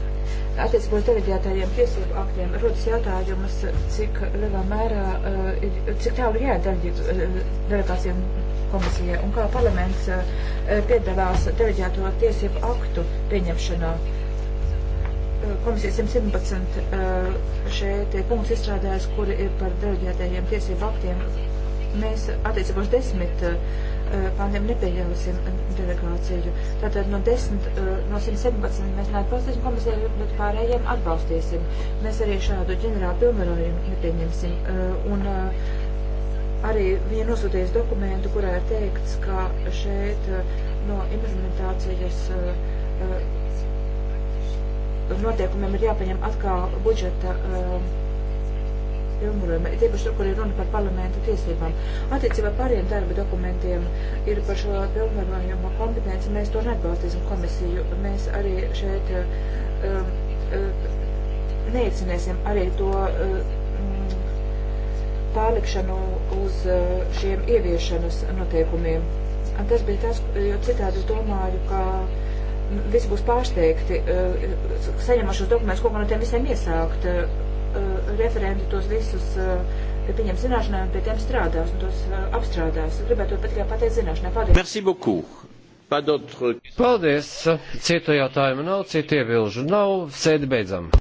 Attiecībā uz deleģētajiem tiesību aktiem rodas jautājumas, cik lielā mērā, eh, cik tālu ir jāiet eh, delegācijām komisijai un kā parlaments eh, piedalās deleģēto tiesību aktu pieņemšanā. Komisija 117 šeit ir punkts izstrādājis, kuri ir par deleģētajiem tiesību aktiem. Mēs attiecībā uz desmit uh, fondiem eh, nepieļausim eh, delegāciju. Tātad no 10, eh, no 117 mēs neatbalstīsim komisiju, bet pārējiem atbalstīsim. Mēs arī šādu ģenerālu pilnvarojumu nepieņemsim. Un arī viņi nosūties dokumentu, kurā ir teikts, ka šeit no implementācijas noteikumiem ir jāpaņem atkal budžeta uh, jumurojumā, tiepaši tur, kur ir runa par parlamentu tiesībām. Attiecībā pāriem darba dokumentiem ir par šo pilnvarojumu kompetenci, mēs to neatbalstīsim komisiju. Mēs arī šeit um, eh, eh, neiecinēsim arī to um, pārlikšanu uz šiem ieviešanas noteikumiem. Tas bija tas, jo citādi es domāju, ka visi būs pārsteigti, saņemot šos dokumentus, ko no tiem visiem iesākt. Eh, referenti tos visus eh, pieņem zināšanai un pie tiem strādās un tos eh, apstrādās. Gribētu to tikai pateikt zināšanai. Paldies. Merci beaucoup. Paldies. Citu jautājumu nav, citu iebilžu nav. Sēdi beidzam.